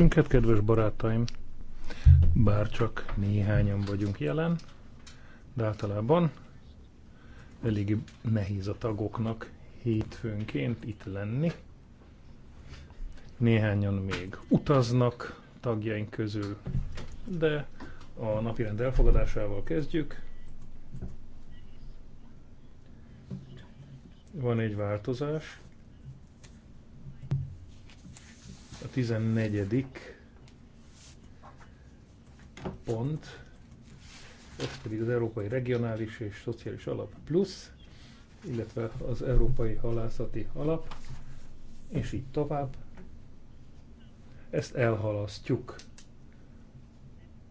ülésünket, kedves barátaim. Bár csak néhányan vagyunk jelen, de általában elég nehéz a tagoknak hétfőnként itt lenni. Néhányan még utaznak tagjaink közül, de a napirend elfogadásával kezdjük. Van egy változás A 14. pont, ez pedig az Európai Regionális és Szociális Alap Plusz, illetve az Európai Halászati Alap, és így tovább. Ezt elhalasztjuk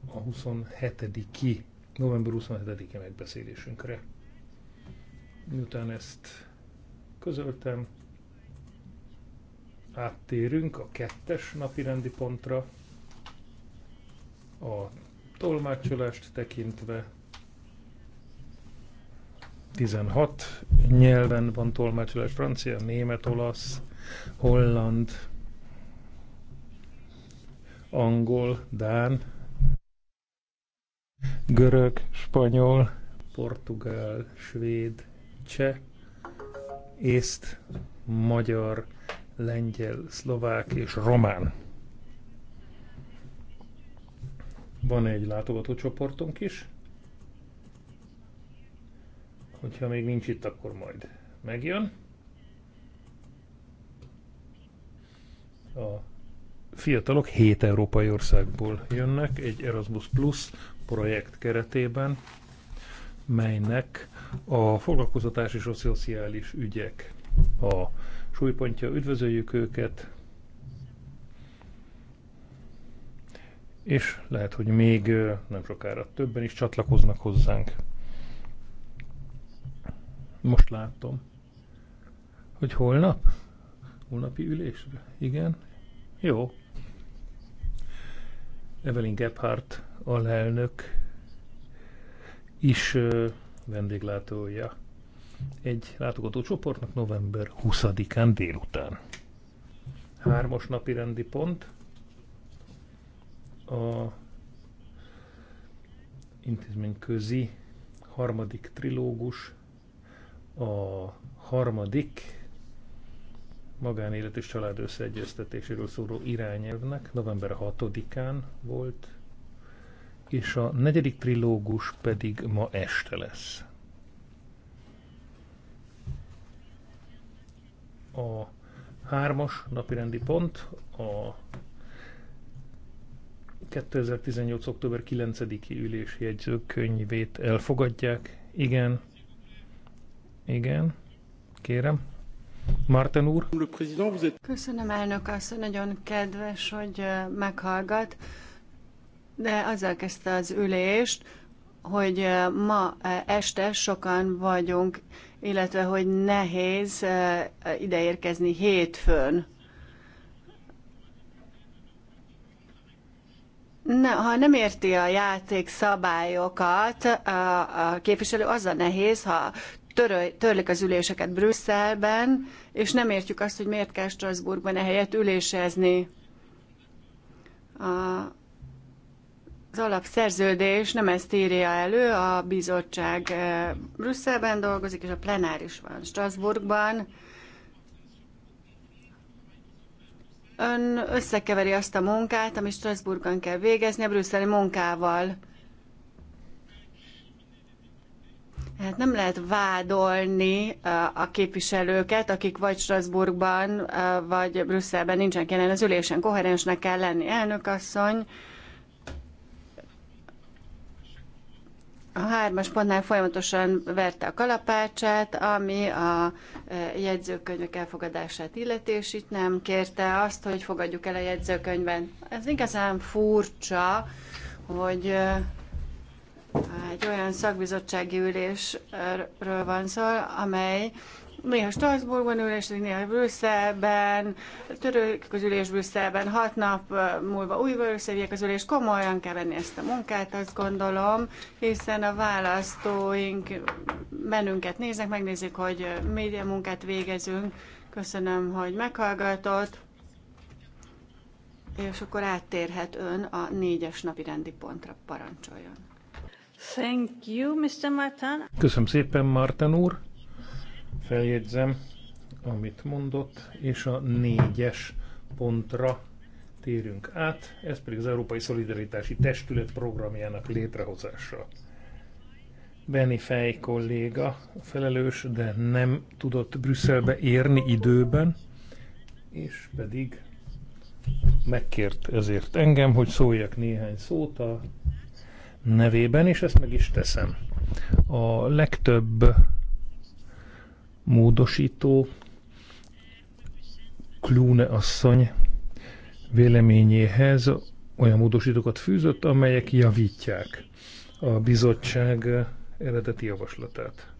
a 27 ki, november 27-i megbeszélésünkre. Miután ezt közöltem, áttérünk a kettes napi rendi pontra, a tolmácsolást tekintve 16 nyelven van tolmácsolás, francia, német, olasz, holland, angol, dán, görög, spanyol, portugál, svéd, cseh, észt, magyar, lengyel, szlovák és román. Van egy látogatócsoportunk is. Hogyha még nincs itt, akkor majd megjön. A fiatalok hét európai országból jönnek egy Erasmus Plus projekt keretében, melynek a foglalkoztatás és a szociális ügyek a súlypontja, üdvözöljük őket, és lehet, hogy még nem sokára többen is csatlakoznak hozzánk. Most látom, hogy holnap? Holnapi ülésre? Igen? Jó. Evelyn Gebhardt alelnök is vendéglátója egy látogatócsoportnak november 20-án délután. Hármas napi rendi pont a intézmény közi harmadik trilógus, a harmadik magánélet és család összeegyeztetéséről szóló irányelvnek november 6-án volt, és a negyedik trilógus pedig ma este lesz. a hármas napirendi pont, a 2018. október 9-i ülési jegyzőkönyvét elfogadják. Igen. Igen. Kérem. Martin úr. Köszönöm, elnök asszony, nagyon kedves, hogy meghallgat, de azzal kezdte az ülést, hogy ma este sokan vagyunk, illetve hogy nehéz ideérkezni hétfőn. Ne, ha nem érti a játék szabályokat, a képviselő az a nehéz, ha töröl, törlik az üléseket Brüsszelben, és nem értjük azt, hogy miért kell Strasbourgban ehelyett ülésezni. A az alapszerződés nem ezt írja elő, a bizottság eh, Brüsszelben dolgozik, és a plenáris van Strasbourgban. Ön összekeveri azt a munkát, amit Strasbourgban kell végezni, a brüsszeli munkával. Hát nem lehet vádolni eh, a képviselőket, akik vagy Strasbourgban, eh, vagy Brüsszelben nincsenek jelen az ülésen. Koherensnek kell lenni, elnök asszony. a hármas pontnál folyamatosan verte a kalapácsát, ami a e, jegyzőkönyvek elfogadását illeti, és itt nem kérte azt, hogy fogadjuk el a jegyzőkönyvben. Ez igazán furcsa, hogy e, egy olyan szakbizottsági ülésről van szó, amely Néha Strasbourgban ülésedik, néha Brüsszelben, török az ülés Brüsszelben, hat nap múlva újra összevigyek az ülés. Komolyan kell venni ezt a munkát, azt gondolom, hiszen a választóink bennünket néznek, megnézik, hogy média munkát végezünk. Köszönöm, hogy meghallgatott. És akkor áttérhet ön a négyes napi rendi pontra, parancsoljon. Thank you, Mr. Martin. Köszönöm szépen, Martin úr feljegyzem, amit mondott, és a négyes pontra térünk át, ez pedig az Európai Szolidaritási Testület programjának létrehozása. Benny Fej kolléga felelős, de nem tudott Brüsszelbe érni időben, és pedig megkért ezért engem, hogy szóljak néhány szót a nevében, és ezt meg is teszem. A legtöbb módosító Klune asszony véleményéhez olyan módosítókat fűzött, amelyek javítják a bizottság eredeti javaslatát.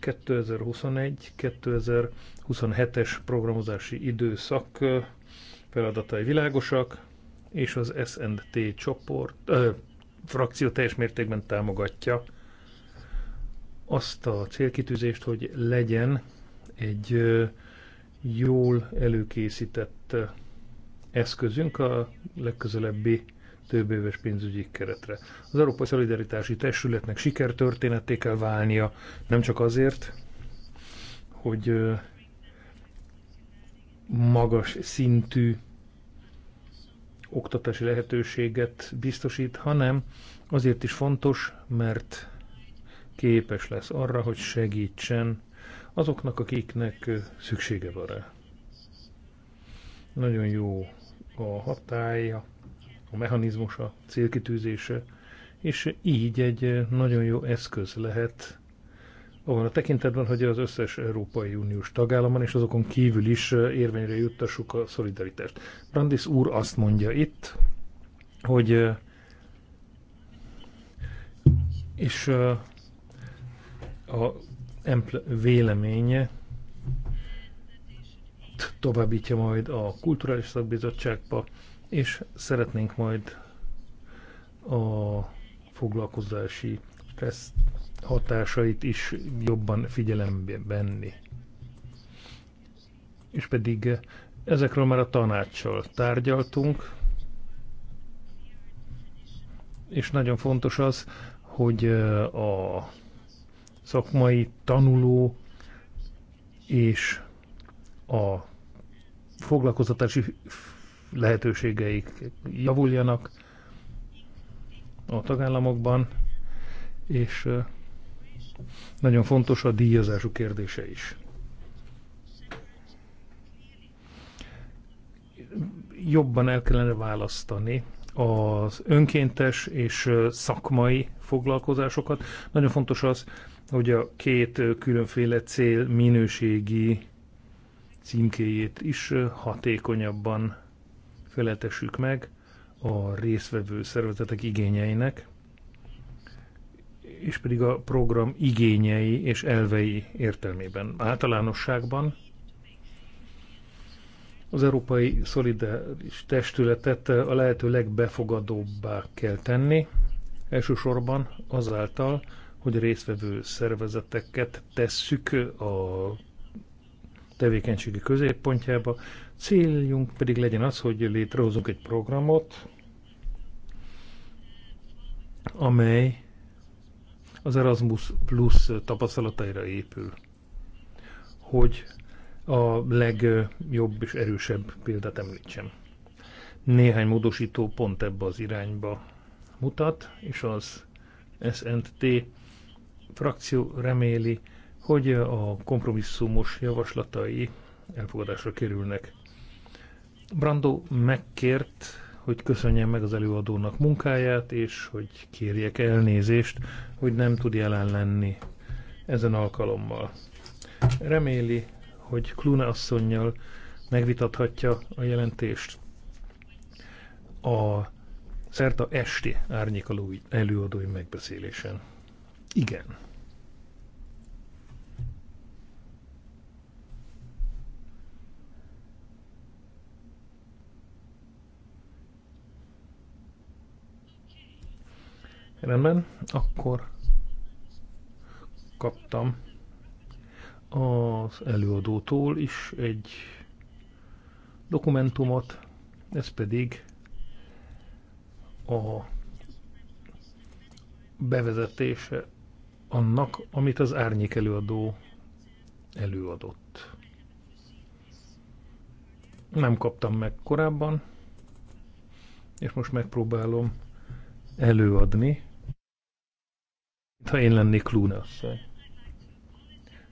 2021-2027-es programozási időszak feladatai világosak, és az SNT csoport, ö, frakció teljes mértékben támogatja azt a célkitűzést, hogy legyen egy jól előkészített eszközünk a legközelebbi több éves pénzügyi keretre. Az Európai Szolidaritási Testületnek sikertörténetté kell válnia, nem csak azért, hogy magas szintű oktatási lehetőséget biztosít, hanem azért is fontos, mert képes lesz arra, hogy segítsen azoknak, akiknek szüksége van rá. Nagyon jó a hatája, a mechanizmusa, célkitűzése, és így egy nagyon jó eszköz lehet abban a tekintetben, hogy az összes Európai Uniós tagállamon és azokon kívül is érvényre juttassuk a szolidaritást. Brandis úr azt mondja itt, hogy és a véleménye továbbítja majd a Kulturális Szakbizottságba, és szeretnénk majd a foglalkozási stressz hatásait is jobban figyelembe venni. És pedig ezekről már a tanácssal tárgyaltunk, és nagyon fontos az, hogy a szakmai tanuló és a foglalkoztatási lehetőségeik javuljanak a tagállamokban, és nagyon fontos a díjazásuk kérdése is. Jobban el kellene választani az önkéntes és szakmai foglalkozásokat. Nagyon fontos az, hogy a két különféle cél minőségi címkéjét is hatékonyabban feletessük meg a részvevő szervezetek igényeinek, és pedig a program igényei és elvei értelmében. Általánosságban az Európai Szolidáris Testületet a lehető legbefogadóbbá kell tenni, elsősorban azáltal, hogy résztvevő szervezeteket tesszük a tevékenységi középpontjába. Céljunk pedig legyen az, hogy létrehozunk egy programot, amely az Erasmus Plus tapasztalataira épül, hogy a legjobb és erősebb példát említsem. Néhány módosító pont ebbe az irányba mutat, és az SNT frakció reméli, hogy a kompromisszumos javaslatai elfogadásra kerülnek. Brando megkért, hogy köszönjem meg az előadónak munkáját, és hogy kérjek elnézést, hogy nem tud jelen lenni ezen alkalommal. Reméli, hogy Kluna asszonynal megvitathatja a jelentést a szerta esti árnyékaló előadói megbeszélésen. Igen. Rendben, akkor kaptam az előadótól is egy dokumentumot, ez pedig a bevezetése annak, amit az árnyék előadó előadott. Nem kaptam meg korábban, és most megpróbálom előadni ha én lennék Luna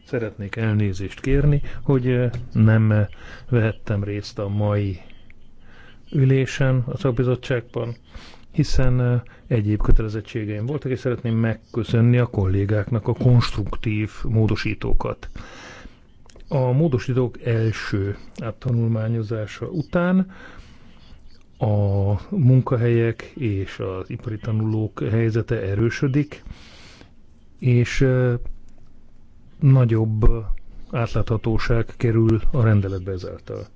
Szeretnék elnézést kérni, hogy eh, nem eh, vehettem részt a mai ülésen a szakbizottságban, hiszen eh, egyéb kötelezettségeim voltak, és szeretném megköszönni a kollégáknak a konstruktív módosítókat. A módosítók első tanulmányozása után a munkahelyek és az ipari tanulók helyzete erősödik, és nagyobb átláthatóság kerül a rendeletbe ezáltal.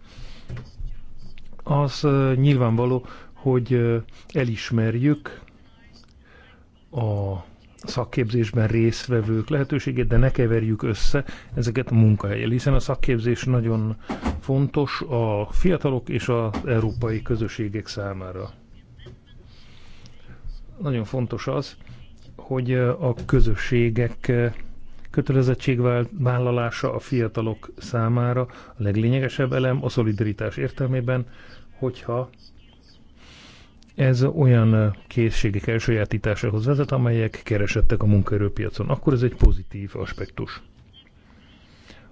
Az nyilvánvaló, hogy elismerjük a szakképzésben résztvevők lehetőségét, de ne keverjük össze ezeket a munkahelyel, hiszen a szakképzés nagyon fontos a fiatalok és az európai közösségek számára. Nagyon fontos az, hogy a közösségek kötelezettségvállalása a fiatalok számára a leglényegesebb elem a szolidaritás értelmében, hogyha ez olyan készségek elsajátításához vezet, amelyek keresettek a munkaerőpiacon, akkor ez egy pozitív aspektus.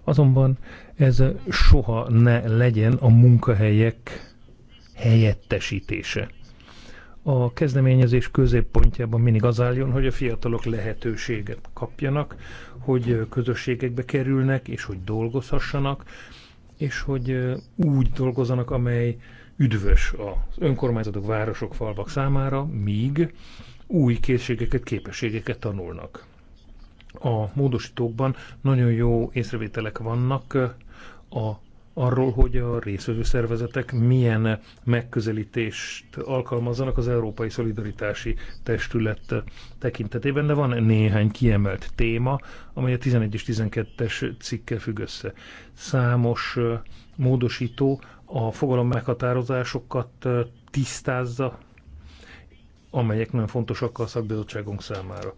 Azonban ez soha ne legyen a munkahelyek helyettesítése a kezdeményezés középpontjában mindig az álljon, hogy a fiatalok lehetőséget kapjanak, hogy közösségekbe kerülnek, és hogy dolgozhassanak, és hogy úgy dolgozanak, amely üdvös az önkormányzatok, városok, falvak számára, míg új készségeket, képességeket tanulnak. A módosítókban nagyon jó észrevételek vannak a arról, hogy a részvevő szervezetek milyen megközelítést alkalmazzanak az Európai Szolidaritási Testület tekintetében, de van néhány kiemelt téma, amely a 11 és 12-es cikke függ össze. Számos módosító a fogalom meghatározásokat tisztázza, amelyek nagyon fontosak a szakbizottságunk számára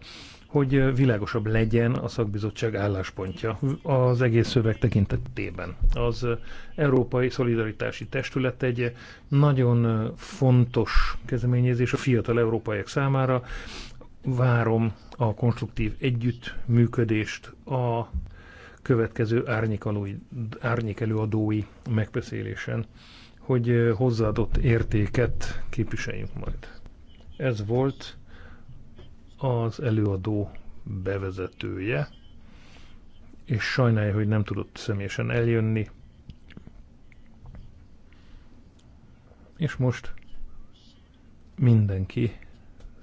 hogy világosabb legyen a szakbizottság álláspontja az egész szöveg tekintetében. Az Európai Szolidaritási Testület egy nagyon fontos kezdeményezés a fiatal európaiak számára. Várom a konstruktív együttműködést a következő árnyék előadói megbeszélésen, hogy hozzáadott értéket képviseljünk majd. Ez volt az előadó bevezetője, és sajnálja, hogy nem tudott személyesen eljönni. És most mindenki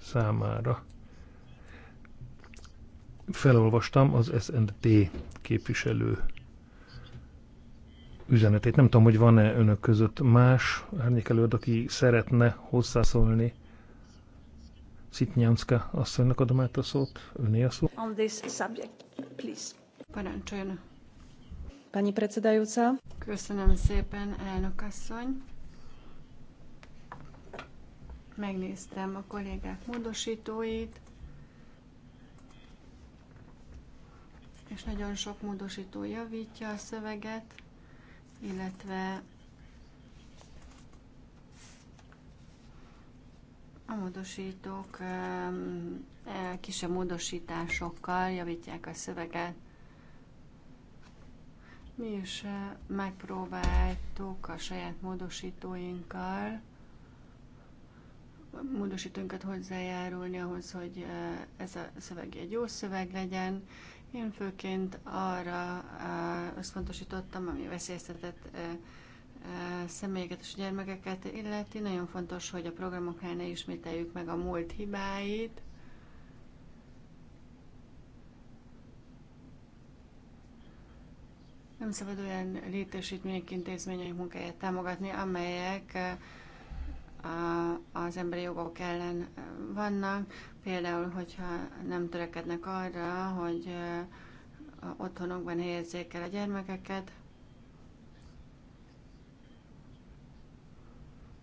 számára felolvastam az SND képviselő üzenetét. Nem tudom, hogy van-e önök között más árnyékelőd, aki szeretne hozzászólni Szitnyánszka asszonynak adom át a szót, öné a szó. On this subject, please. Parancsoljon. Pani predsedajúca. Köszönöm szépen, elnök asszony. Megnéztem a kollégák módosítóit, és nagyon sok módosító javítja a szöveget, illetve A módosítók e, kisebb módosításokkal javítják a szöveget. Mi is e, megpróbáltuk a saját módosítóinkkal, módosítóinkat hozzájárulni ahhoz, hogy e, ez a szöveg egy jó szöveg legyen. Én főként arra összpontosítottam, ami veszélyeztetett személyeket és gyermekeket illeti. Nagyon fontos, hogy a programoknál ne ismételjük meg a múlt hibáit. Nem szabad olyan létesítmények, intézmények munkáját támogatni, amelyek eh, a, az emberi jogok ellen eh, vannak. Például, hogyha nem törekednek arra, hogy eh, otthonokban helyezzék el a gyermekeket,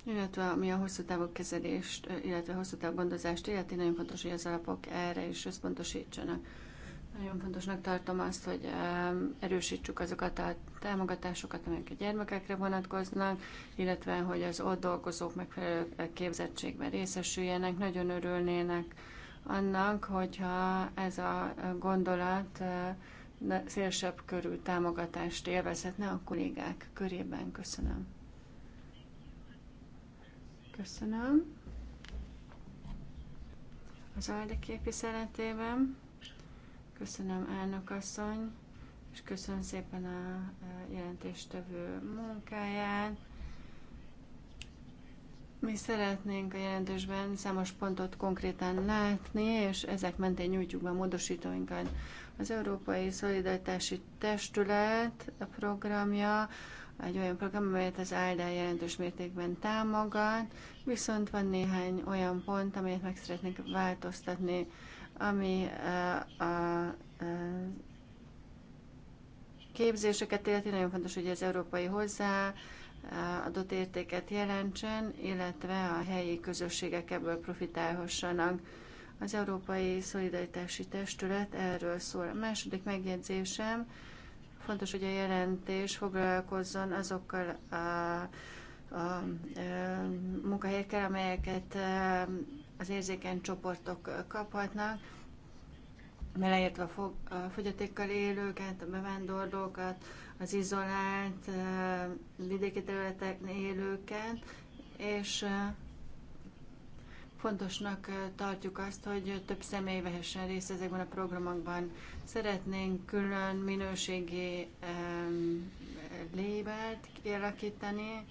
Illetve ami a hosszú távú kezelést, illetve hosszú távú gondozást illeti, nagyon fontos, hogy az alapok erre is összpontosítsanak. Nagyon fontosnak tartom azt, hogy erősítsük azokat a támogatásokat, amelyek a gyermekekre vonatkoznak, illetve hogy az ott dolgozók megfelelő képzettségben részesüljenek, nagyon örülnének annak, hogyha ez a gondolat szélesebb körű támogatást élvezhetne a kollégák körében. Köszönöm. Köszönöm. Az ALDE képviseletében. Köszönöm, elnök asszony, és köszönöm szépen a jelentéstevő munkáját. Mi szeretnénk a jelentésben számos pontot konkrétan látni, és ezek mentén nyújtjuk be a módosítóinkat. Az Európai Szolidaritási Testület a programja egy olyan program, amelyet az áldá jelentős mértékben támogat, viszont van néhány olyan pont, amelyet meg szeretnék változtatni, ami eh, a, a, eh, a képzéseket illeti, nagyon fontos, hogy az európai hozzá eh, adott értéket jelentsen, illetve a helyi közösségek ebből profitálhassanak. Az Európai Szolidaritási Testület erről szól. A második megjegyzésem, Fontos, hogy a jelentés foglalkozzon azokkal a, a, a e, munkahelyekkel, amelyeket e, az érzékeny csoportok kaphatnak, beleértve a, a fogyatékkal élőket, a bevándorlókat, az izolált e, vidéki területeknél élőket, és Fontosnak tartjuk azt, hogy több személy vehessen részt ezekben a programokban. Szeretnénk külön minőségi um, lébelt kialakítani,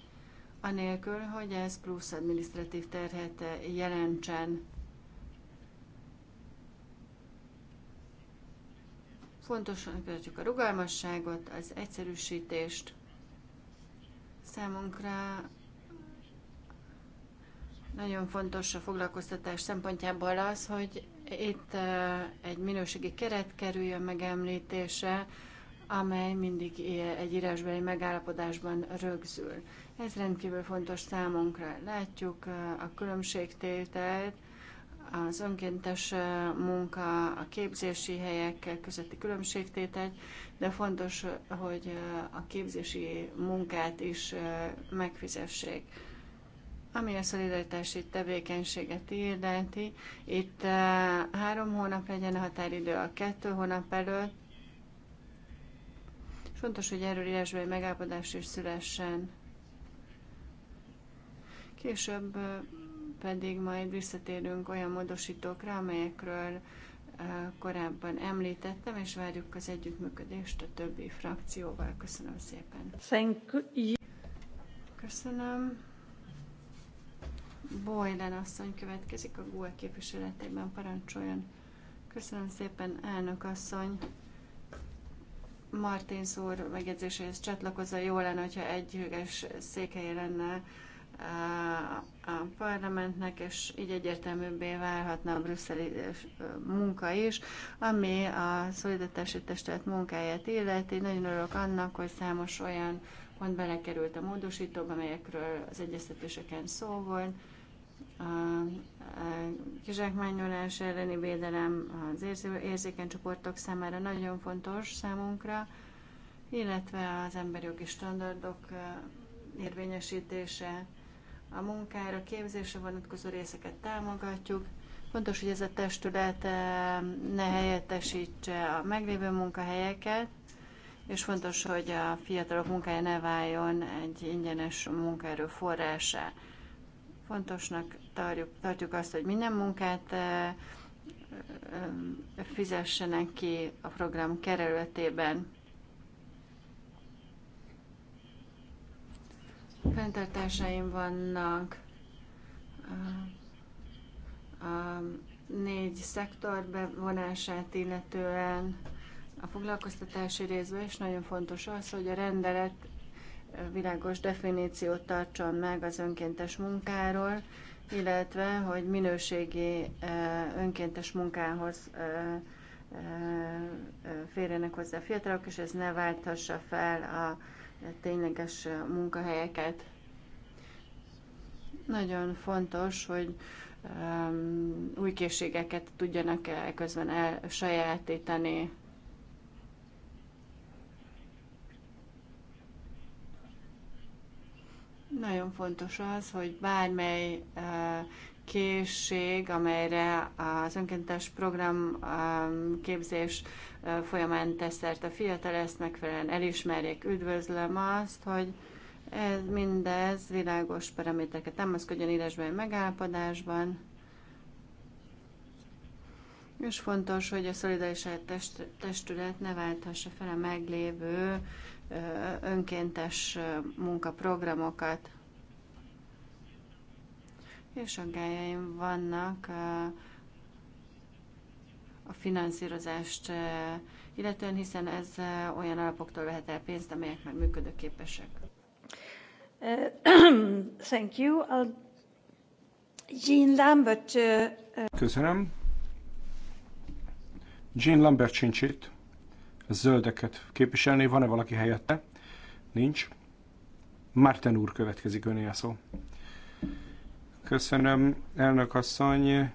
anélkül, hogy ez plusz administratív terhet jelentsen. Fontosnak tartjuk a rugalmasságot, az egyszerűsítést. Számunkra nagyon fontos a foglalkoztatás szempontjából az, hogy itt egy minőségi keret kerüljön megemlítése, amely mindig egy írásbeli megállapodásban rögzül. Ez rendkívül fontos számunkra. Látjuk a különbségtételt, az önkéntes munka, a képzési helyek közötti különbségtételt, de fontos, hogy a képzési munkát is megfizessék. Ami a szolidaritási tevékenységet illeti, itt eh, három hónap legyen a határidő a kettő hónap előtt. Fontos, hogy erről írásban egy megállapodás is szülessen. Később eh, pedig majd visszatérünk olyan módosítókra, amelyekről eh, korábban említettem, és várjuk az együttműködést a többi frakcióval. Köszönöm szépen. Köszönöm. Bojlen asszony következik a GUE képviseletében, parancsoljon. Köszönöm szépen, elnök asszony. Martin úr megjegyzéséhez csatlakozza. jó lenne, hogyha egy hűges székely lenne eh, a parlamentnek, és így egyértelműbbé válhatna a brüsszeli eh, munka is, ami a szolidatási testület munkáját illeti. Nagyon örülök annak, hogy számos olyan pont belekerült a módosítóba, amelyekről az egyeztetéseken szó volt a kizsákmányolás elleni védelem az érzékeny csoportok számára nagyon fontos számunkra, illetve az emberi jogi standardok érvényesítése, a munkára, képzésre vonatkozó részeket támogatjuk. Fontos, hogy ez a testület ne helyettesítse a meglévő munkahelyeket, és fontos, hogy a fiatalok munkája ne váljon egy ingyenes munkaerő forrásá. Fontosnak tarjuk, tartjuk azt, hogy minden munkát fizessenek ki a program kerületében. Fentartásaim vannak a négy szektor bevonását illetően a foglalkoztatási részben is nagyon fontos az, hogy a rendelet világos definíciót tartson meg az önkéntes munkáról, illetve hogy minőségi önkéntes munkához férjenek hozzá a fiatalok, és ez ne válthassa fel a tényleges munkahelyeket. Nagyon fontos, hogy új készségeket tudjanak közben elsajátítani Nagyon fontos az, hogy bármely készség, amelyre az önkéntes program képzés folyamán tesz a fiatal, ezt megfelelően elismerjék. Üdvözlöm azt, hogy ez mindez világos paramétereket támaszkodjon írásban, megállapodásban. És fontos, hogy a szolidaritás testület ne válthassa fel a meglévő önkéntes munkaprogramokat. És aggájaim vannak a finanszírozást illetően, hiszen ez olyan alapoktól vehet el pénzt, amelyek már működőképesek. thank you. I'll... Jean Lambert. uh... Köszönöm. Jean Lambert sincs itt zöldeket képviselni. Van-e valaki helyette? Nincs. Márten úr következik öné a szó. Köszönöm, elnök asszony.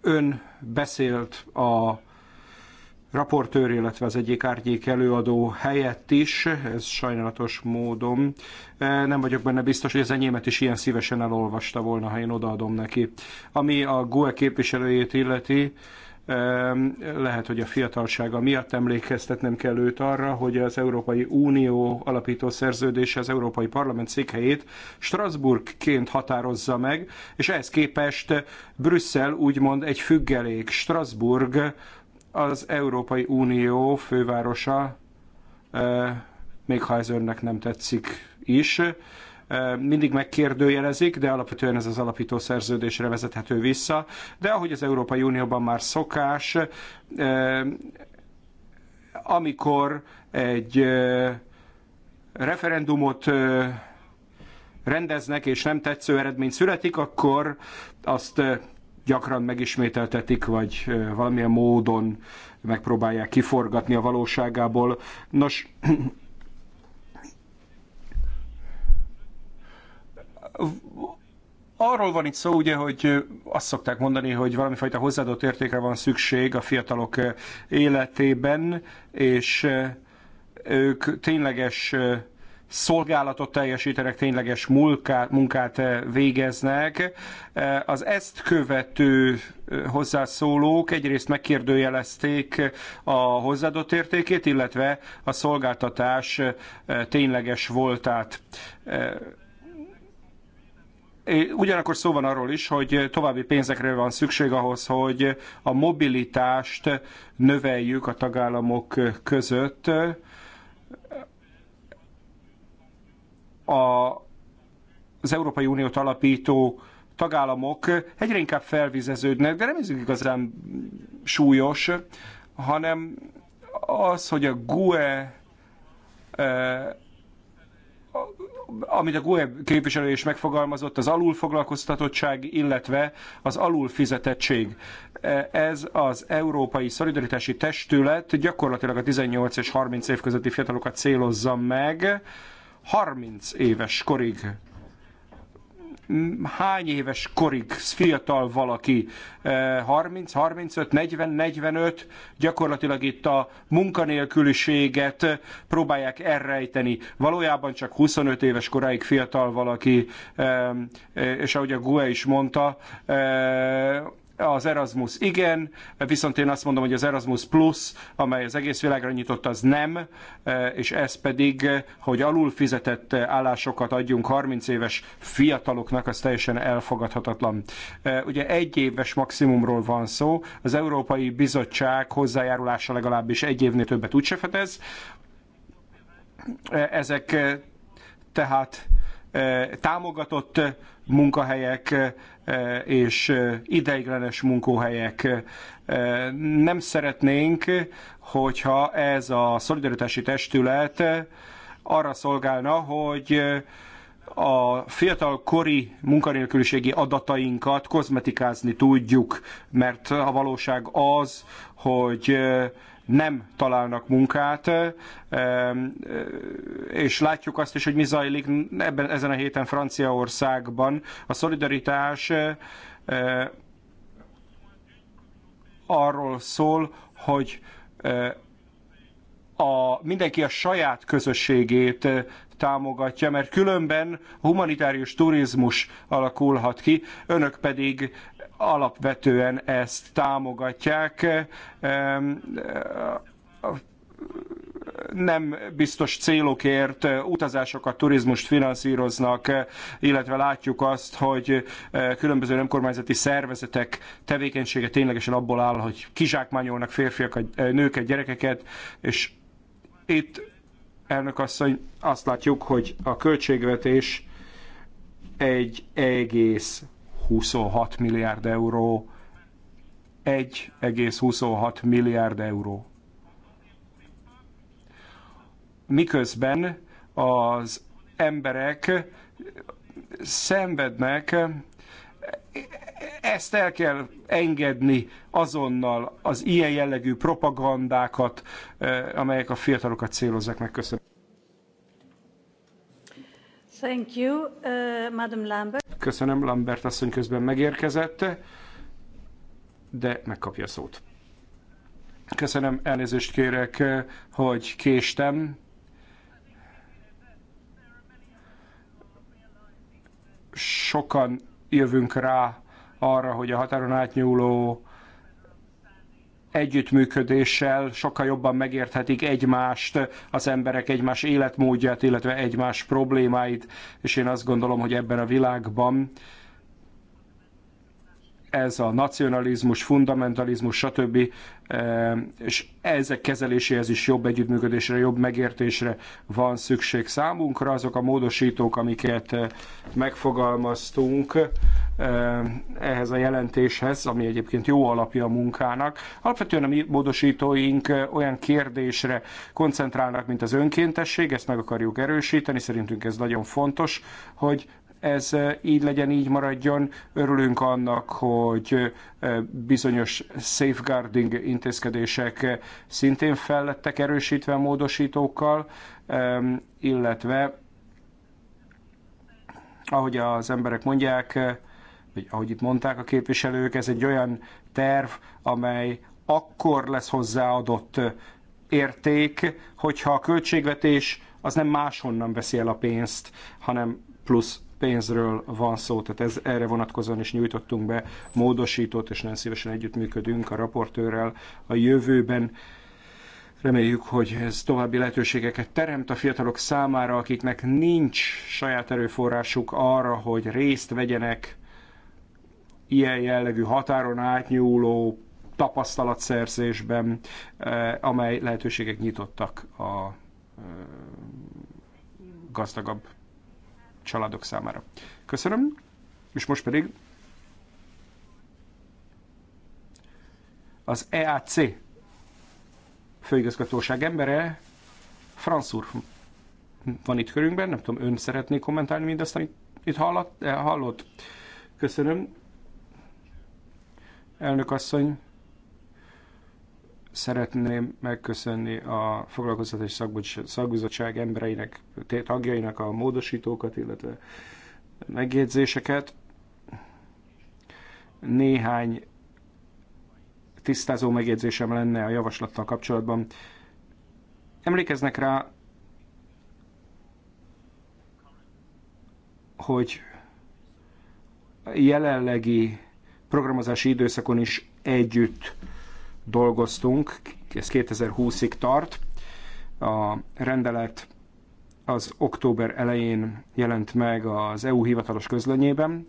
Ön beszélt a raportőr, illetve az egyik árnyék előadó helyett is, ez sajnálatos módon. E, nem vagyok benne biztos, hogy az enyémet is ilyen szívesen elolvasta volna, ha én odaadom neki. Ami a GUE képviselőjét illeti, e, lehet, hogy a fiatalsága miatt emlékeztetnem kell őt arra, hogy az Európai Unió alapító szerződése az Európai Parlament székhelyét Strasbourgként határozza meg, és ehhez képest Brüsszel úgymond egy függelék. Strasbourg az Európai Unió fővárosa, még ha ez önnek nem tetszik is, mindig megkérdőjelezik, de alapvetően ez az alapító szerződésre vezethető vissza. De ahogy az Európai Unióban már szokás, amikor egy referendumot rendeznek, és nem tetsző eredmény születik, akkor azt gyakran megismételtetik, vagy valamilyen módon megpróbálják kiforgatni a valóságából. Nos, arról van itt szó, ugye, hogy azt szokták mondani, hogy valamifajta hozzáadott értékre van szükség a fiatalok életében, és ők tényleges szolgálatot teljesítenek, tényleges munkát, munkát eh, végeznek. Eh, az ezt követő eh, hozzászólók egyrészt megkérdőjelezték a hozzáadott értékét, illetve a szolgáltatás tényleges voltát. Ugyanakkor szó van arról is, hogy további pénzekre van szükség ahhoz, hogy a mobilitást növeljük a tagállamok között a, az Európai Uniót alapító tagállamok egyre inkább felvizeződnek, de nem ez igazán súlyos, hanem az, hogy a GUE e, amit a GUE képviselő is megfogalmazott, az alulfoglalkoztatottság, illetve az alulfizetettség. E, ez az Európai Szolidaritási Testület gyakorlatilag a 18 és 30 év közötti fiatalokat célozza meg, 30 éves korig hány éves korig fiatal valaki, 30, 35, 40, 45, gyakorlatilag itt a munkanélküliséget próbálják elrejteni. Valójában csak 25 éves koráig fiatal valaki, eh, és ahogy a GUE is mondta, eh, az Erasmus igen, viszont én azt mondom, hogy az Erasmus Plus, amely az egész világra nyitott, az nem, és ez pedig, hogy alul fizetett állásokat adjunk 30 éves fiataloknak, az teljesen elfogadhatatlan. Ugye egy éves maximumról van szó, az Európai Bizottság hozzájárulása legalábbis egy évnél többet úgyse fedez. Ezek tehát eh, támogatott munkahelyek e, és e, ideiglenes munkahelyek. E, nem szeretnénk, hogyha ez a szolidaritási testület arra szolgálna, hogy a fiatal kori munkanélküliségi adatainkat kozmetikázni tudjuk, mert a valóság az, hogy nem találnak munkát, és látjuk azt is, hogy mi zajlik ebben, ezen a héten Franciaországban. A szolidaritás arról szól, hogy a, mindenki a saját közösségét támogatja, mert különben humanitárius turizmus alakulhat ki, önök pedig alapvetően ezt támogatják. Nem biztos célokért utazásokat, turizmust finanszíroznak, illetve látjuk azt, hogy e, különböző önkormányzati szervezetek tevékenysége ténylegesen abból áll, hogy kizsákmányolnak férfiakat, e, nőket, gyerekeket, és itt elnök asszony, azt látjuk, hogy a költségvetés egy egész 1,26 milliárd euró, 1,26 milliárd euró. Miközben az emberek szenvednek, ezt el kell engedni azonnal az ilyen jellegű propagandákat, eh, amelyek a fiatalokat célozzák meg. Köszönöm. Thank you, uh, Madam Lambert. Köszönöm, Lambert asszony közben megérkezett, de megkapja a szót. Köszönöm, elnézést kérek, hogy késtem. Sokan jövünk rá arra, hogy a határon átnyúló együttműködéssel sokkal jobban megérthetik egymást, az emberek egymás életmódját, illetve egymás problémáit, és én azt gondolom, hogy ebben a világban ez a nacionalizmus, fundamentalizmus, stb. Eh, és ezek kezeléséhez is jobb együttműködésre, jobb megértésre van szükség számunkra. Azok a módosítók, amiket eh, megfogalmaztunk, Eh, ehhez a jelentéshez, ami egyébként jó alapja a munkának. Alapvetően a mi módosítóink eh, olyan kérdésre koncentrálnak, mint az önkéntesség, ezt meg akarjuk erősíteni, szerintünk ez nagyon fontos, hogy ez eh, így legyen, így maradjon. Örülünk annak, hogy bizonyos safeguarding intézkedések szintén fellettek erősítve a módosítókkal, illetve ahogy az emberek mondják, ahogy itt mondták a képviselők, ez egy olyan terv, amely akkor lesz hozzáadott érték, hogyha a költségvetés az nem máshonnan veszi el a pénzt, hanem plusz pénzről van szó, tehát ez, erre vonatkozóan is nyújtottunk be módosítót, és nagyon szívesen együttműködünk a raportőrrel a jövőben. Reméljük, hogy ez további lehetőségeket teremt a fiatalok számára, akiknek nincs saját erőforrásuk arra, hogy részt vegyenek ilyen jellegű határon átnyúló tapasztalatszerzésben, eh, amely lehetőségek nyitottak a eh, gazdagabb családok számára. Köszönöm, és most pedig az EAC főigazgatóság embere, Franz úr van itt körünkben, nem tudom, ön szeretné kommentálni mindazt, amit itt hallott? Eh, hallott. Köszönöm. Elnök asszony, szeretném megköszönni a foglalkoztatás szakbizottság embereinek, tagjainak a módosítókat, illetve megjegyzéseket. Néhány tisztázó megjegyzésem lenne a javaslattal kapcsolatban. Emlékeznek rá, hogy jelenlegi programozási időszakon is együtt dolgoztunk, ez 2020-ig tart. A rendelet az október elején jelent meg az EU hivatalos közlönyében.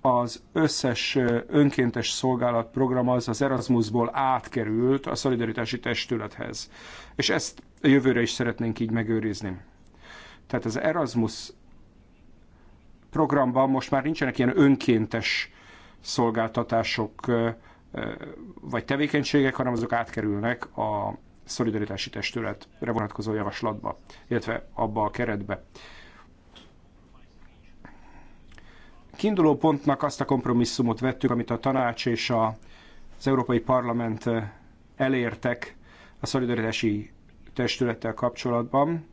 Az összes önkéntes szolgálat program az az Erasmusból átkerült a Szolidaritási Testülethez. És ezt a jövőre is szeretnénk így megőrizni. Tehát az Erasmus programban most már nincsenek ilyen önkéntes szolgáltatások vagy tevékenységek, hanem azok átkerülnek a szolidaritási testületre vonatkozó javaslatba, illetve abba a keretbe. Kiinduló pontnak azt a kompromisszumot vettük, amit a tanács és a, az Európai Parlament elértek a szolidaritási testülettel kapcsolatban,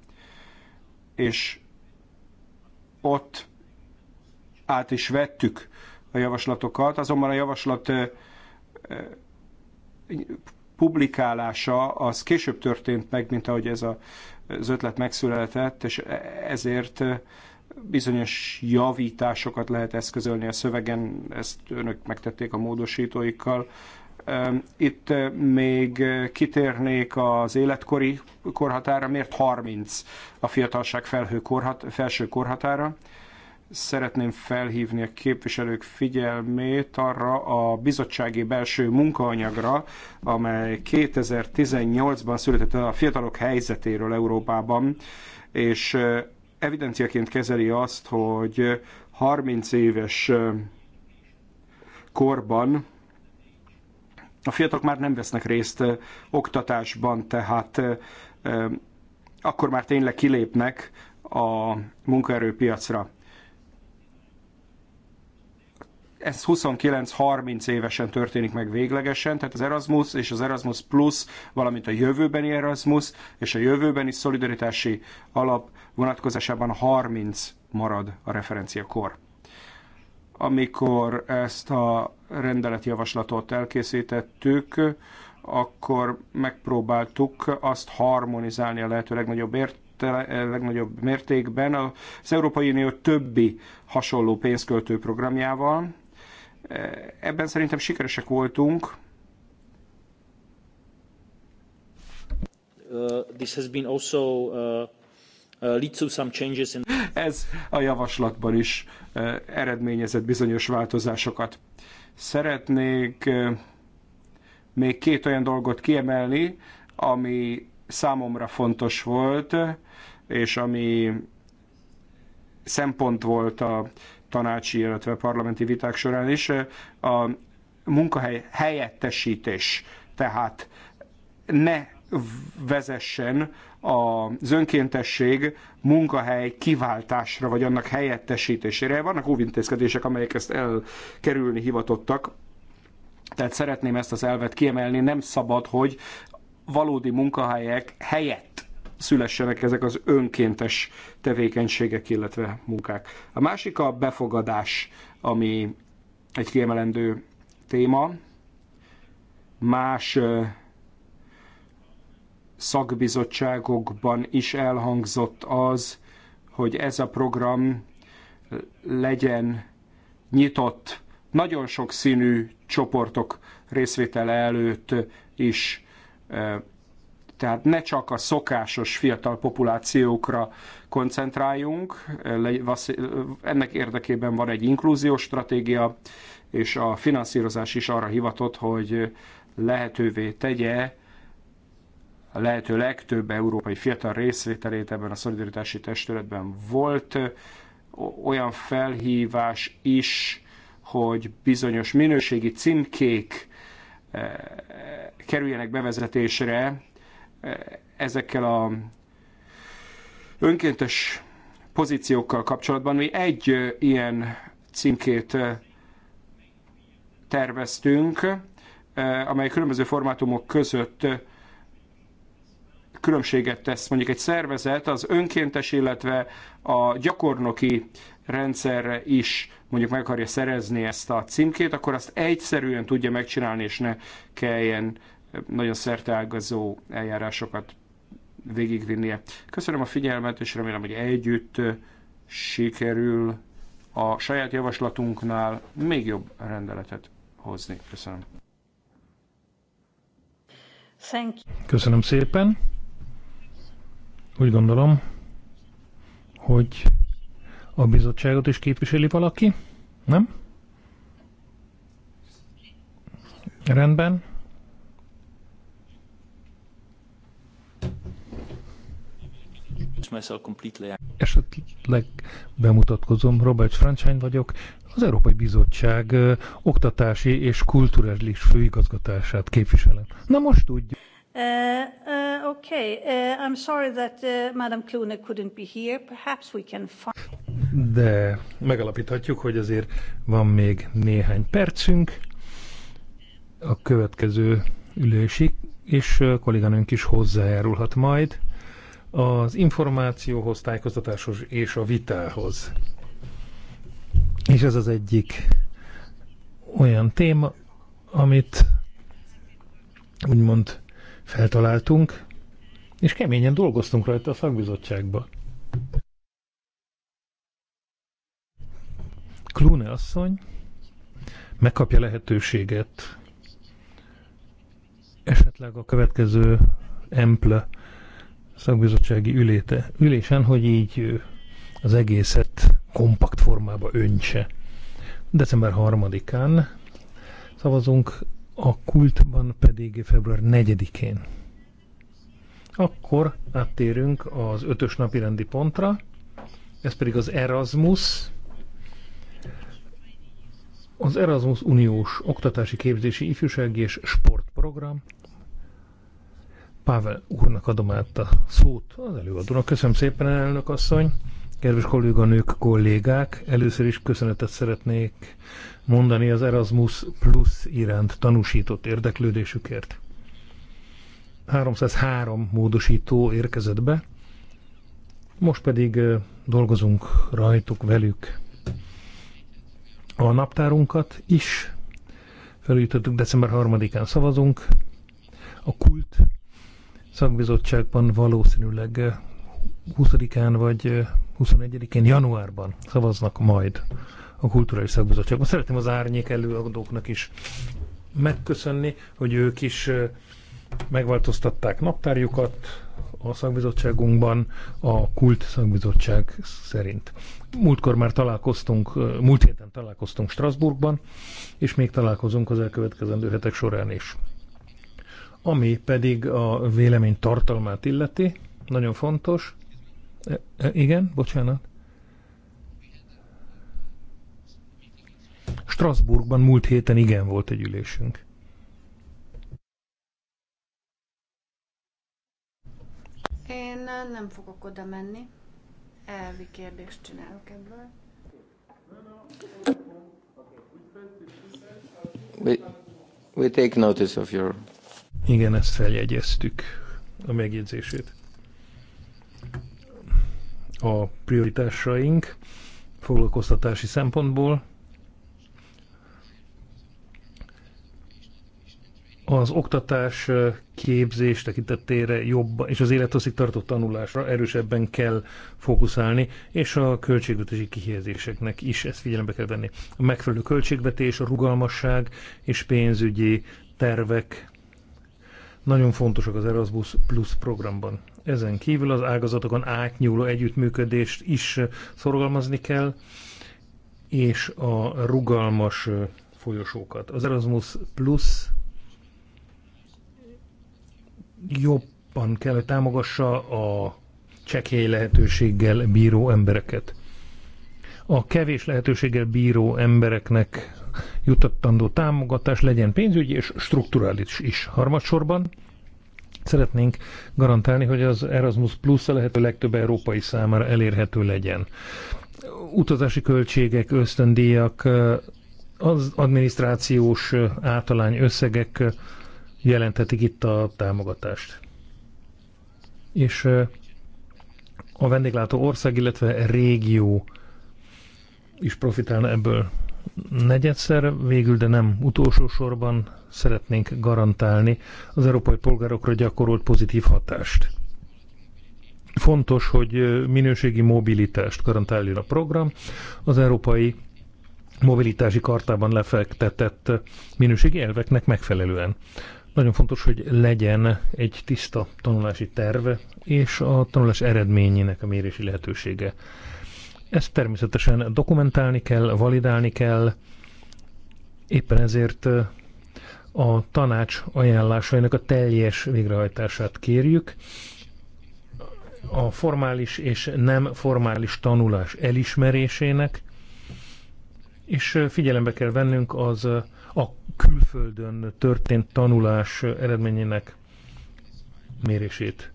és ott át is vettük a javaslatokat, azonban a javaslat publikálása az később történt meg, mint ahogy ez a, az ötlet megszületett, és e, ezért bizonyos javításokat lehet eszközölni a szövegen, ezt önök megtették a módosítóikkal. Itt még kitérnék az életkori korhatára, miért 30 a fiatalság felhő korhat, felső korhatára szeretném felhívni a képviselők figyelmét arra a bizottsági belső munkaanyagra, amely 2018-ban született a fiatalok helyzetéről Európában, és evidenciaként kezeli azt, hogy 30 éves korban a fiatalok már nem vesznek részt oktatásban, tehát akkor már tényleg kilépnek a munkaerőpiacra. Ez 29-30 évesen történik meg véglegesen, tehát az Erasmus és az Erasmus Plus, valamint a jövőbeni Erasmus és a jövőbeni szolidaritási alap vonatkozásában 30 marad a referenciakor amikor ezt a rendeletjavaslatot elkészítettük, akkor megpróbáltuk azt harmonizálni a lehető legnagyobb ért legnagyobb mértékben az Európai Unió többi hasonló pénzköltő programjával, Ebben szerintem sikeresek voltunk. Uh, uh, uh, Ez a javaslatban is eredményezett bizonyos változásokat. Szeretnék még két olyan dolgot kiemelni, ami számomra fontos volt, és ami szempont volt a tanácsi, illetve parlamenti viták során is. A munkahely helyettesítés, tehát ne vezessen a önkéntesség munkahely kiváltásra, vagy annak helyettesítésére. Vannak óvintézkedések, amelyek ezt elkerülni hivatottak, tehát szeretném ezt az elvet kiemelni, nem szabad, hogy valódi munkahelyek helyett szülessenek ezek az önkéntes tevékenységek, illetve munkák. A másik a befogadás, ami egy kiemelendő téma. Más szakbizottságokban is elhangzott az, hogy ez a program legyen nyitott nagyon sok színű csoportok részvétele előtt is tehát ne csak a szokásos fiatal populációkra koncentráljunk, ennek érdekében van egy inkluziós stratégia, és a finanszírozás is arra hivatott, hogy lehetővé tegye a lehető legtöbb európai fiatal részvételét ebben a szolidaritási testületben. Volt olyan felhívás is, hogy bizonyos minőségi címkék kerüljenek bevezetésre ezekkel a önkéntes pozíciókkal kapcsolatban mi egy ilyen címkét terveztünk, amely különböző formátumok között különbséget tesz mondjuk egy szervezet az önkéntes, illetve a gyakornoki rendszerre is mondjuk meg akarja szerezni ezt a címkét, akkor azt egyszerűen tudja megcsinálni, és ne kelljen nagyon szerteágazó eljárásokat végigvinnie. Köszönöm a figyelmet, és remélem, hogy együtt sikerül a saját javaslatunknál még jobb rendeletet hozni. Köszönöm. Köszönöm szépen. Úgy gondolom, hogy a bizottságot is képviseli valaki, nem? Rendben. Esetleg bemutatkozom, Robert Franchine vagyok, az Európai Bizottság oktatási és kulturális főigazgatását képviselem. Na most tudjuk. Uh, uh, okay, uh, I'm sorry that uh, Madam Clune couldn't be here. Perhaps we can find... De megalapíthatjuk, hogy azért van még néhány percünk a következő ülésig, és kolléganőnk is hozzájárulhat majd az információhoz, tájékoztatáshoz és a vitához. És ez az egyik olyan téma, amit úgymond feltaláltunk, és keményen dolgoztunk rajta a szakbizottságba. Klune asszony megkapja lehetőséget esetleg a következő emple szakbizottsági üléte, ülésen, hogy így az egészet kompakt formába öntse. December 3-án szavazunk, a kultban pedig február 4-én. Akkor áttérünk az ötös napi rendi pontra, ez pedig az Erasmus, az Erasmus Uniós Oktatási Képzési Ifjúsági és Sportprogram Pável úrnak adom át a szót az előadónak. Köszönöm szépen, elnök asszony. Kedves kolléganők, kollégák, először is köszönetet szeretnék mondani az Erasmus Plus iránt tanúsított érdeklődésükért. 303 módosító érkezett be, most pedig dolgozunk rajtuk velük. A naptárunkat is felújítottuk, december 3-án szavazunk, a kult szakbizottságban valószínűleg 20-án eh, vagy 21-én eh, januárban szavaznak majd a kulturális szakbizottságban. Szeretném az árnyék előadóknak is megköszönni, hogy ők is eh, megváltoztatták naptárjukat a szakbizottságunkban, a kult szakbizottság szerint. Múltkor már találkoztunk, múlt héten találkoztunk Strasbourgban, és még találkozunk az elkövetkezendő hetek során is. Ami pedig a vélemény tartalmát illeti, nagyon fontos. E, e, igen, bocsánat. Strasbourgban múlt héten igen volt egy ülésünk. Én nem fogok oda menni. Elvi kérdést csinálok ebből. We, we take notice of your igen, ezt feljegyeztük a megjegyzését. A prioritásaink foglalkoztatási szempontból az oktatás képzés tekintetére jobban, és az élethosszig tartó tanulásra erősebben kell fókuszálni, és a költségvetési kihelyezéseknek is ezt figyelembe kell venni. A megfelelő költségvetés, a rugalmasság és pénzügyi tervek nagyon fontosak az Erasmus Plus programban. Ezen kívül az ágazatokon átnyúló együttműködést is szorgalmazni kell, és a rugalmas folyosókat. Az Erasmus Plus jobban kell, hogy támogassa a csekély lehetőséggel bíró embereket. A kevés lehetőséggel bíró embereknek jutatandó támogatás legyen pénzügyi és strukturális is. Harmadsorban szeretnénk garantálni, hogy az Erasmus Plus a lehető legtöbb európai számára elérhető legyen. Utazási költségek, ösztöndíjak, az adminisztrációs általány összegek jelenthetik itt a támogatást. És a vendéglátó ország, illetve régió is profitálna ebből negyedszer, végül, de nem utolsó sorban szeretnénk garantálni az európai polgárokra gyakorolt pozitív hatást. Fontos, hogy minőségi mobilitást garantáljon a program. Az európai mobilitási kartában lefektetett minőségi elveknek megfelelően. Nagyon fontos, hogy legyen egy tiszta tanulási terve és a tanulás eredményének a mérési lehetősége. Ezt természetesen dokumentálni kell, validálni kell, éppen ezért a tanács ajánlásainak a teljes végrehajtását kérjük. A formális és nem formális tanulás elismerésének, és figyelembe kell vennünk az a külföldön történt tanulás eredményének mérését.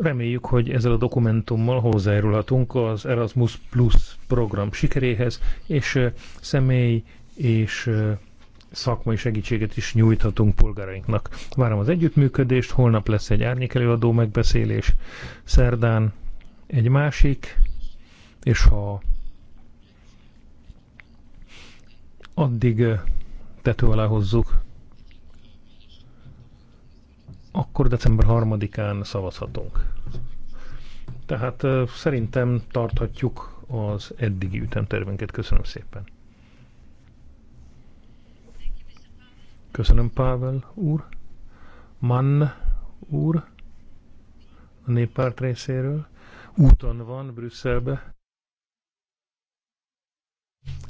Reméljük, hogy ezzel a dokumentummal hozzájárulhatunk az Erasmus Plus program sikeréhez, és személy és szakmai segítséget is nyújthatunk polgárainknak. Várom az együttműködést, holnap lesz egy árnyékelőadó megbeszélés, szerdán egy másik, és ha addig tető alá hozzuk akkor december 3-án szavazhatunk. Tehát szerintem tarthatjuk az eddigi ütemtervünket. Köszönöm szépen. Köszönöm, Pável úr. Mann úr a néppárt részéről. Úton van Brüsszelbe.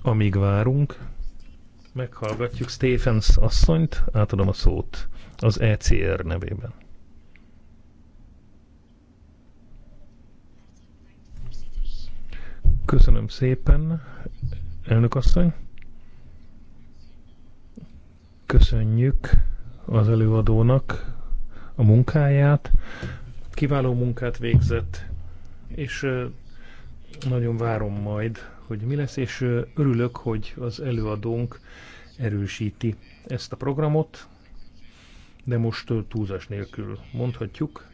Amíg várunk, meghallgatjuk Stephens asszonyt, átadom a szót. Az ECR nevében. Köszönöm szépen, elnök asszony. Köszönjük az előadónak a munkáját. Kiváló munkát végzett, és nagyon várom majd, hogy mi lesz, és örülök, hogy az előadónk erősíti ezt a programot, de most túlzás nélkül mondhatjuk,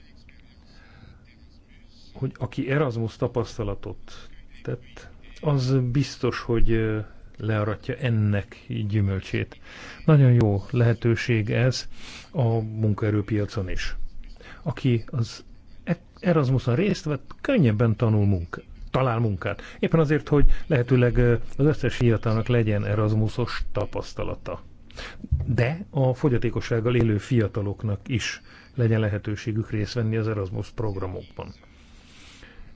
hogy aki Erasmus tapasztalatot tett, az biztos, hogy learatja ennek gyümölcsét. Nagyon jó lehetőség ez a munkaerőpiacon is. Aki az e- Erasmuson részt vett, könnyebben tanul munkát talál munkát. Éppen azért, hogy lehetőleg az összes fiatalnak legyen Erasmusos tapasztalata de a fogyatékossággal élő fiataloknak is legyen lehetőségük részt venni az Erasmus programokban.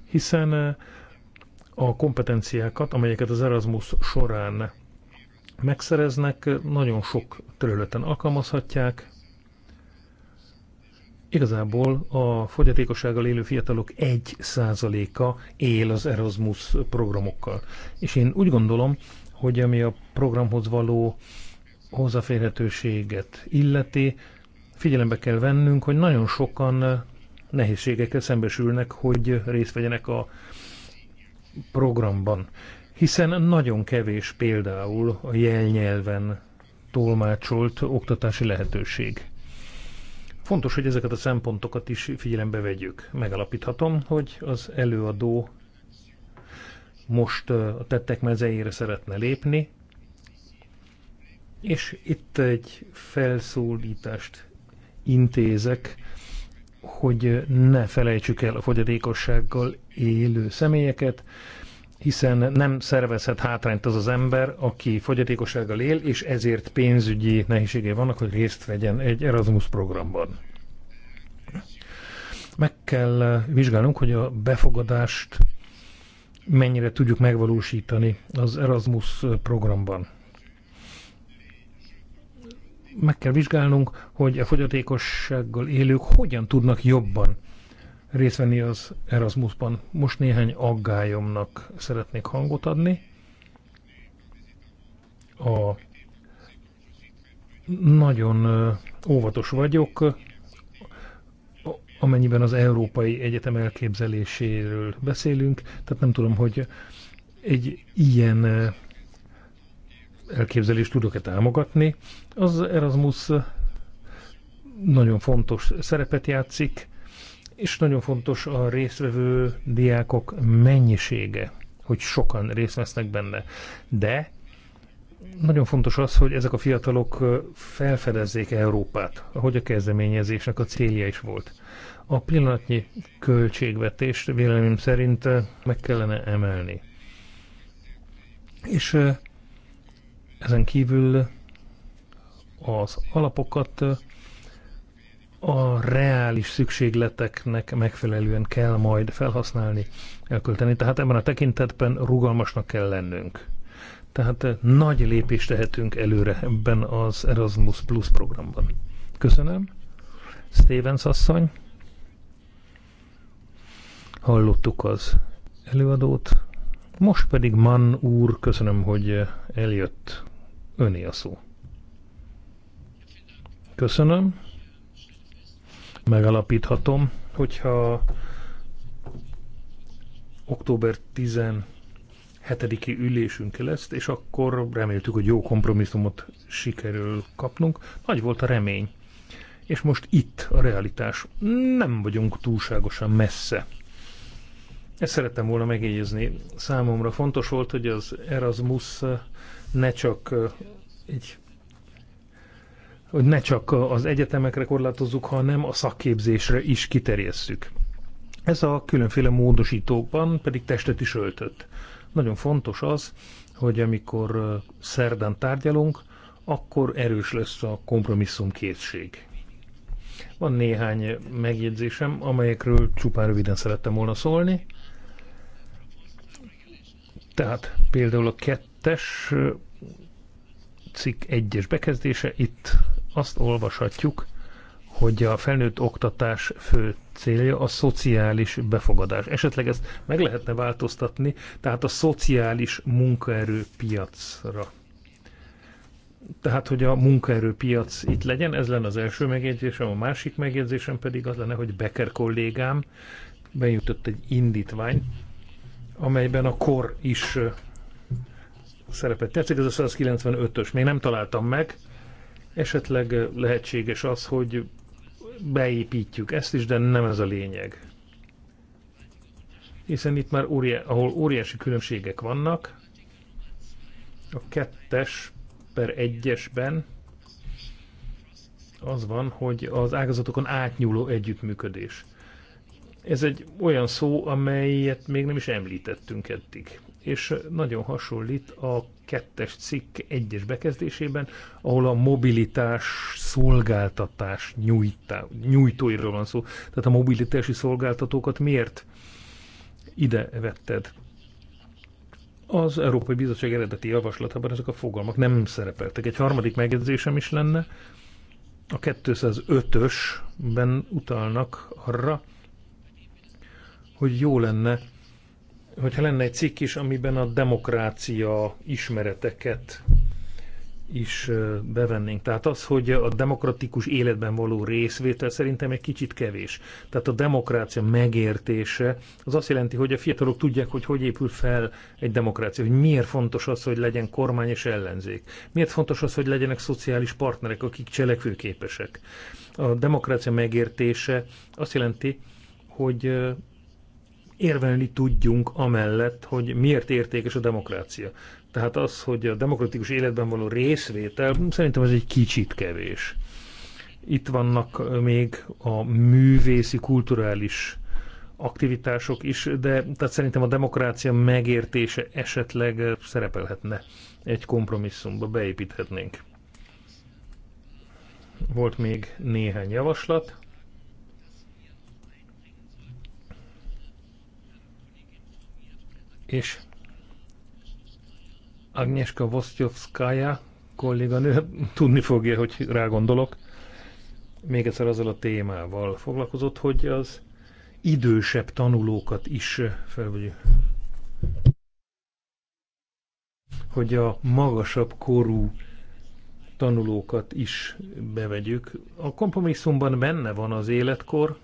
Hiszen eh, a kompetenciákat, amelyeket az Erasmus során megszereznek, nagyon sok területen alkalmazhatják. Igazából a fogyatékossággal élő fiatalok 1%-a él az Erasmus programokkal. És én úgy gondolom, hogy ami a programhoz való hozzáférhetőséget illeti, figyelembe kell vennünk, hogy nagyon sokan eh, nehézségekkel szembesülnek, hogy részt vegyenek a programban. Hiszen nagyon kevés például a jelnyelven tolmácsolt oktatási lehetőség. Fontos, hogy ezeket a szempontokat is figyelembe vegyük. Megalapíthatom, hogy az előadó most eh, a tettek mezeire szeretne lépni, és itt egy felszólítást intézek, hogy ne felejtsük el a fogyatékossággal élő személyeket, hiszen nem szervezhet hátrányt az az ember, aki fogyatékossággal él, és ezért pénzügyi nehézségei vannak, hogy részt vegyen egy Erasmus programban. Meg kell eh, vizsgálnunk, hogy a befogadást mennyire tudjuk megvalósítani az Erasmus programban meg kell vizsgálnunk, hogy a fogyatékossággal élők hogyan tudnak jobban részt venni az Erasmusban. Most néhány aggályomnak szeretnék hangot adni. A nagyon óvatos vagyok, amennyiben az Európai Egyetem elképzeléséről beszélünk, tehát nem tudom, hogy egy ilyen elképzelést tudok-e támogatni. Az Erasmus nagyon fontos szerepet játszik, és nagyon fontos a résztvevő diákok mennyisége, hogy sokan részt vesznek benne. De nagyon fontos az, hogy ezek a fiatalok felfedezzék Európát, ahogy a kezdeményezésnek a célja is volt. A pillanatnyi költségvetést véleményem szerint meg kellene emelni. És ezen kívül az alapokat a reális szükségleteknek megfelelően kell majd felhasználni, elkölteni. Tehát ebben a tekintetben rugalmasnak kell lennünk. Tehát nagy lépést tehetünk előre ebben az Erasmus Plus programban. Köszönöm. Stevens asszony. Hallottuk az előadót. Most pedig Mann úr, köszönöm, hogy eljött Öné a szó. Köszönöm. Megalapíthatom, hogyha október 17-i ülésünk lesz, és akkor reméltük, hogy jó kompromisszumot sikerül kapnunk. Nagy volt a remény. És most itt a realitás. Nem vagyunk túlságosan messze. Ezt szerettem volna megjegyezni. Számomra fontos volt, hogy az Erasmus ne csak egy hogy ne csak az egyetemekre korlátozzuk, hanem a szakképzésre is kiterjesszük. Ez a különféle módosítókban pedig testet is öltött. Nagyon fontos az, hogy amikor szerdán tárgyalunk, akkor erős lesz a kompromisszum készség. Van néhány megjegyzésem, amelyekről csupán röviden szerettem volna szólni. Tehát például a kettő. 2022 es cikk 1-es bekezdése, itt azt olvashatjuk, hogy a felnőtt oktatás fő célja a szociális befogadás. Esetleg ezt meg lehetne változtatni, tehát a szociális munkaerőpiacra. Tehát, hogy a munkaerőpiac itt legyen, ez lenne az első megjegyzésem, a másik megjegyzésem pedig az lenne, hogy Becker kollégám bejutott egy indítvány, amelyben a kor is szerepet tetszik, ez a 195-ös. Még nem találtam meg. Esetleg lehetséges az, hogy beépítjük ezt is, de nem ez a lényeg. Hiszen itt már, óriá- ahol óriási különbségek vannak, a kettes per egyesben az van, hogy az ágazatokon átnyúló együttműködés. Ez egy olyan szó, amelyet még nem is említettünk eddig és nagyon hasonlít a kettes cikk egyes bekezdésében, ahol a mobilitás szolgáltatás nyújtá, nyújtóiról van szó. Tehát a mobilitási szolgáltatókat miért ide vetted? Az Európai Bizottság eredeti javaslatában ezek a fogalmak nem szerepeltek. Egy harmadik megjegyzésem is lenne, a 205-ösben utalnak arra, hogy jó lenne hogyha lenne egy cikk is, amiben a demokrácia ismereteket is bevennénk. Tehát az, hogy a demokratikus életben való részvétel szerintem egy kicsit kevés. Tehát a demokrácia megértése az azt jelenti, hogy a fiatalok tudják, hogy hogy épül fel egy demokrácia, hogy miért fontos az, hogy legyen kormány és ellenzék. Miért fontos az, hogy legyenek szociális partnerek, akik cselekvőképesek. A demokrácia megértése azt jelenti, hogy érvelni tudjunk amellett, hogy miért értékes a demokrácia. Tehát az, hogy a demokratikus életben való részvétel, szerintem ez egy kicsit kevés. Itt vannak még a művészi, kulturális aktivitások is, de tehát szerintem a demokrácia megértése esetleg szerepelhetne egy kompromisszumba, beépíthetnénk. Volt még néhány javaslat. és Agnieszka Vosztyovszkája kolléganő tudni fogja, hogy rá gondolok, még egyszer azzal a témával foglalkozott, hogy az idősebb tanulókat is felvegyük. Hogy a magasabb korú tanulókat is bevegyük. A kompromisszumban benne van az életkor,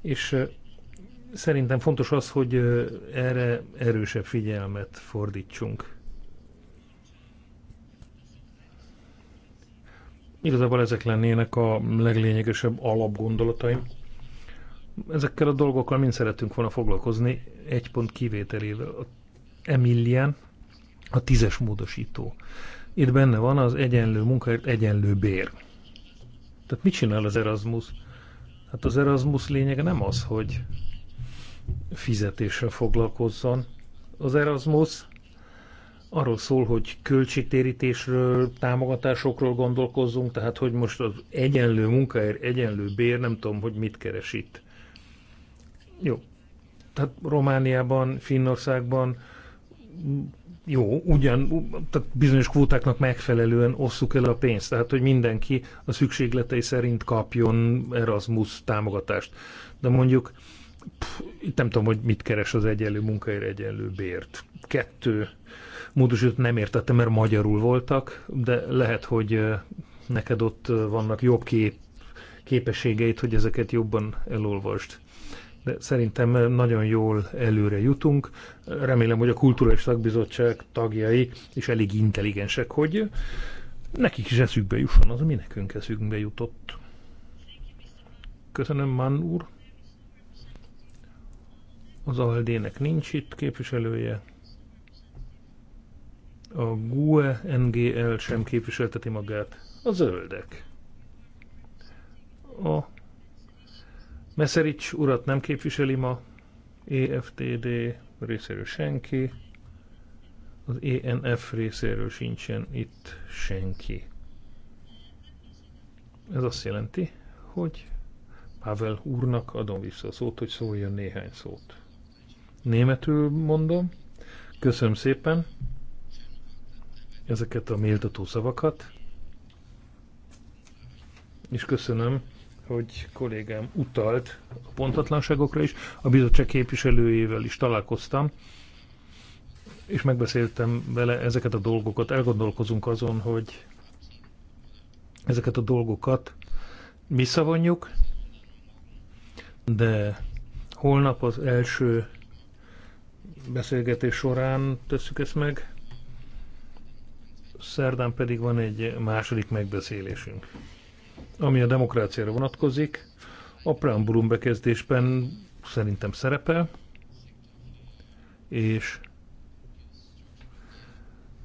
és szerintem fontos az, hogy erre erősebb figyelmet fordítsunk. Igazából ezek lennének a leglényegesebb alapgondolataim. Ezekkel a dolgokkal mind szerettünk volna foglalkozni, egy pont kivételével. Emilian, a tízes módosító. Itt benne van az egyenlő munkaért egyenlő bér. Tehát mit csinál az Erasmus? Hát az Erasmus lényege nem az, hogy fizetéssel foglalkozzon. Az Erasmus arról szól, hogy költségtérítésről, támogatásokról gondolkozzunk, tehát hogy most az egyenlő munkaér, egyenlő bér, nem tudom, hogy mit keres itt. Jó. Tehát Romániában, Finnországban jó, ugyan, tehát bizonyos kvótáknak megfelelően osszuk el a pénzt, tehát hogy mindenki a szükségletei szerint kapjon Erasmus támogatást. De mondjuk pff, nem tudom, hogy mit keres az egyenlő munkaért, egyenlő bért. Kettő módosított nem értettem, mert magyarul voltak, de lehet, hogy neked ott vannak jobb kép, képességeit, hogy ezeket jobban elolvasd. De szerintem nagyon jól előre jutunk. Remélem, hogy a Kulturális Szakbizottság tagjai is elég intelligensek, hogy nekik is eszükbe jusson az, ami nekünk eszükbe jutott. Köszönöm, Mann úr. Az ALD-nek nincs itt képviselője. A GUE NGL sem képviselteti magát. A zöldek. A Meszerics urat nem képviseli ma. EFTD részéről senki. Az ENF részéről sincsen itt senki. Ez azt jelenti, hogy Pavel úrnak adom vissza a szót, hogy szóljon néhány szót. Németül mondom. Köszönöm szépen ezeket a méltató szavakat. És köszönöm, hogy kollégám utalt a pontatlanságokra is. A bizottság képviselőjével is találkoztam, és megbeszéltem vele ezeket a dolgokat. Elgondolkozunk azon, hogy ezeket a dolgokat visszavonjuk, de holnap az első beszélgetés során tesszük ezt meg. Szerdán pedig van egy második megbeszélésünk, ami a demokráciára vonatkozik. A preambulum bekezdésben szerintem szerepel, és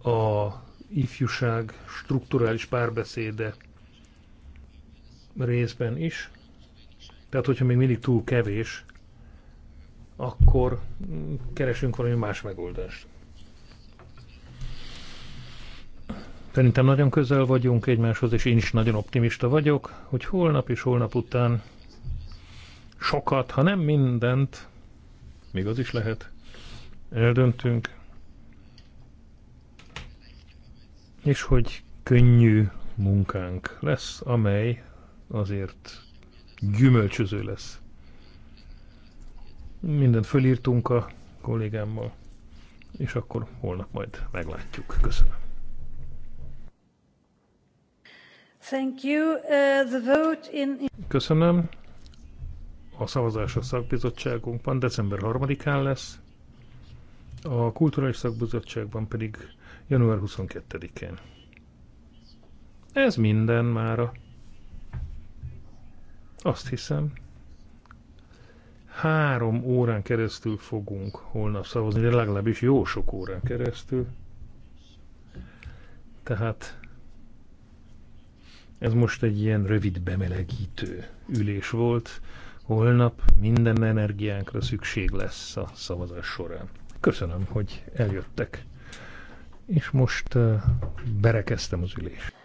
a ifjúság strukturális párbeszéde részben is. Tehát, hogyha még mindig túl kevés, akkor mm, keresünk valami más megoldást. Szerintem nagyon közel vagyunk egymáshoz, és én is nagyon optimista vagyok, hogy holnap és holnap után sokat, ha nem mindent, még az is lehet, eldöntünk, és hogy könnyű munkánk lesz, amely azért gyümölcsöző lesz. Mindent fölírtunk a kollégámmal, és akkor holnap majd meglátjuk. Köszönöm. Thank you. Uh, the vote in... Köszönöm. A szavazás a szakbizottságunkban december 3-án lesz, a kulturális szakbizottságban pedig január 22-én. Ez minden mára. Azt hiszem három órán keresztül fogunk holnap szavazni, de legalábbis jó sok órán keresztül. Tehát ez most egy ilyen rövid bemelegítő ülés volt. Holnap minden energiánkra szükség lesz a szavazás során. Köszönöm, hogy eljöttek. És most eh, berekeztem az ülést.